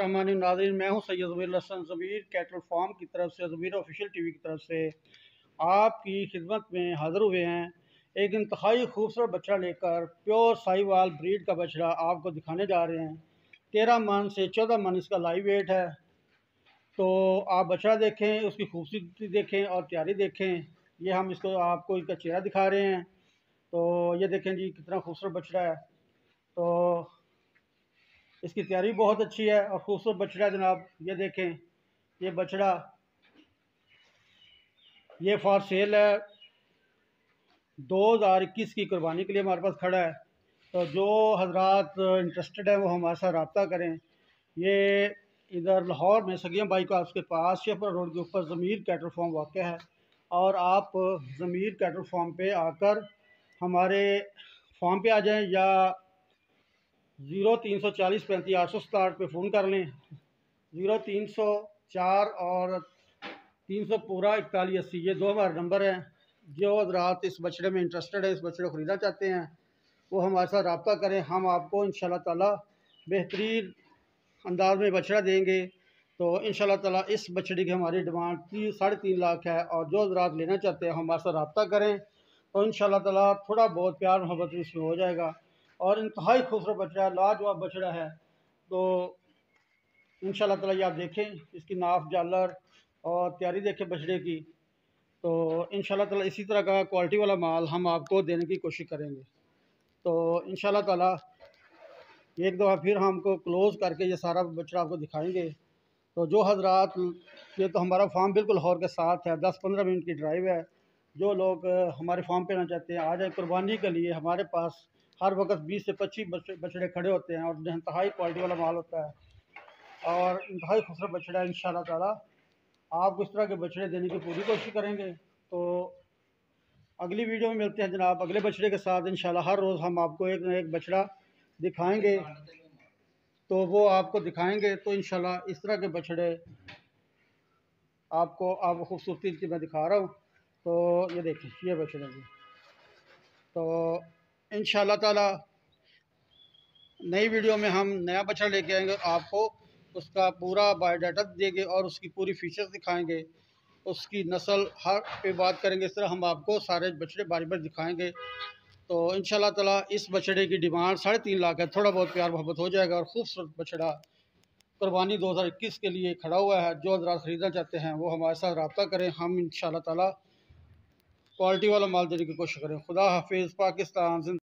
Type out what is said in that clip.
रहमान नाजरीन मैं हूं सैयद जबीर लसन जबीर कैटल फार्म की तरफ से जबीर ऑफिशियल टीवी की तरफ से आपकी खिदमत में हाज़िर हुए हैं एक इंतहाई खूबसूरत बछड़ा लेकर प्योर साहिवाल ब्रीड का बछड़ा आपको दिखाने जा रहे हैं तेरह मन से चौदह मन इसका लाइव वेट है तो आप बछड़ा देखें उसकी खूबसूरती देखें और तैयारी देखें ये हम इसको आपको इसका चेहरा दिखा रहे हैं तो ये देखें जी कितना खूबसूरत बछड़ा है तो इसकी तैयारी बहुत अच्छी है और खूबसूरत बछड़ा जनाब ये देखें ये बछड़ा ये फॉर सेल है दो हज़ार इक्कीस की कुर्बानी के लिए हमारे पास खड़ा है तो जो हजरात इंटरेस्टेड है वो हमारे साथ रबता करें ये इधर लाहौर में सगियम बाई का उसके पास शेफर रोड के ऊपर ज़मीर कैटर फॉर्म वाक़ है और आप ज़मीर कैटर फॉर्म पर आकर हमारे फॉर्म पे आ जाएं या ज़ीरो तीन सौ चालीस पैंतीस आठ सौ सताहठ पर फ़ोन कर लें ज़ीरो तीन सौ चार और तीन सौ पूरा इकतालीस अस्सी ये दो हमारे नंबर हैं जो हज़रात इस बछड़े में इंटरेस्टेड है इस बछड़े को ख़रीदना चाहते हैं वो हमारे साथ रबता करें हम आपको इन ताला बेहतरीन अंदाज में बछड़ा देंगे तो इन ताला इस बछड़ी की हमारी डिमांड तीन साढ़े तीन लाख है और जो हजरात लेना चाहते हैं हमारे साथ रबता करें तो इन तला थोड़ा बहुत प्यार मोहब्बत इसमें हो जाएगा और इंतहाई खूबसूरत बछड़ा है लाजवाब बछड़ा है तो इन शाह तला आप देखें इसकी नाफ जालर और तैयारी देखें बछड़े की तो इन ताला इसी तरह का क्वालिटी वाला माल हम आपको देने की कोशिश करेंगे तो इन ताला एक दफ़ा फिर हमको क्लोज़ करके ये सारा बछड़ा आपको दिखाएंगे तो जो हजरात ये तो हमारा फार्म बिल्कुल हॉर के साथ है दस पंद्रह मिनट की ड्राइव है जो लोग हमारे फार्म पे आना चाहते हैं आ जाए कुर्बानी के लिए हमारे पास हर वक्त 20 से 25 बछड़े खड़े होते हैं और इंतहाई क्वालिटी वाला माल होता है और इंतहाई खूबसूरत बछड़ा है इन ताला तक इस तरह के बछड़े देने की पूरी कोशिश करेंगे तो अगली वीडियो में मिलते हैं जनाब अगले बछड़े के साथ इन हर रोज़ हम आपको एक ना एक बछड़ा दिखाएँगे तो वो आपको दिखाएंगे तो इन इस तरह के बछड़े आपको आप खूबसूरती की मैं दिखा रहा हूँ तो ये देखिए ये बछड़े जी तो इन ताला नई वीडियो में हम नया बछड़ा लेके आएंगे आपको उसका पूरा बायोडाटा देंगे और उसकी पूरी फीचर्स दिखाएंगे उसकी नस्ल हर पे बात करेंगे इस तरह हम आपको सारे बछड़े बारी बार दिखाएंगे तो इन ताला इस बछड़े की डिमांड साढ़े तीन लाख है थोड़ा बहुत प्यार मोहब्बत हो जाएगा और खूबसूरत बछड़ा कुर्बानी इक्कीस के लिए खड़ा हुआ है जो हजरात ख़रीदना चाहते हैं वो हमारे साथ रबता करें हम इन ताला क्वालिटी वाला माल देने की कोशिश करें खुदा हाफिज़ पाकिस्तान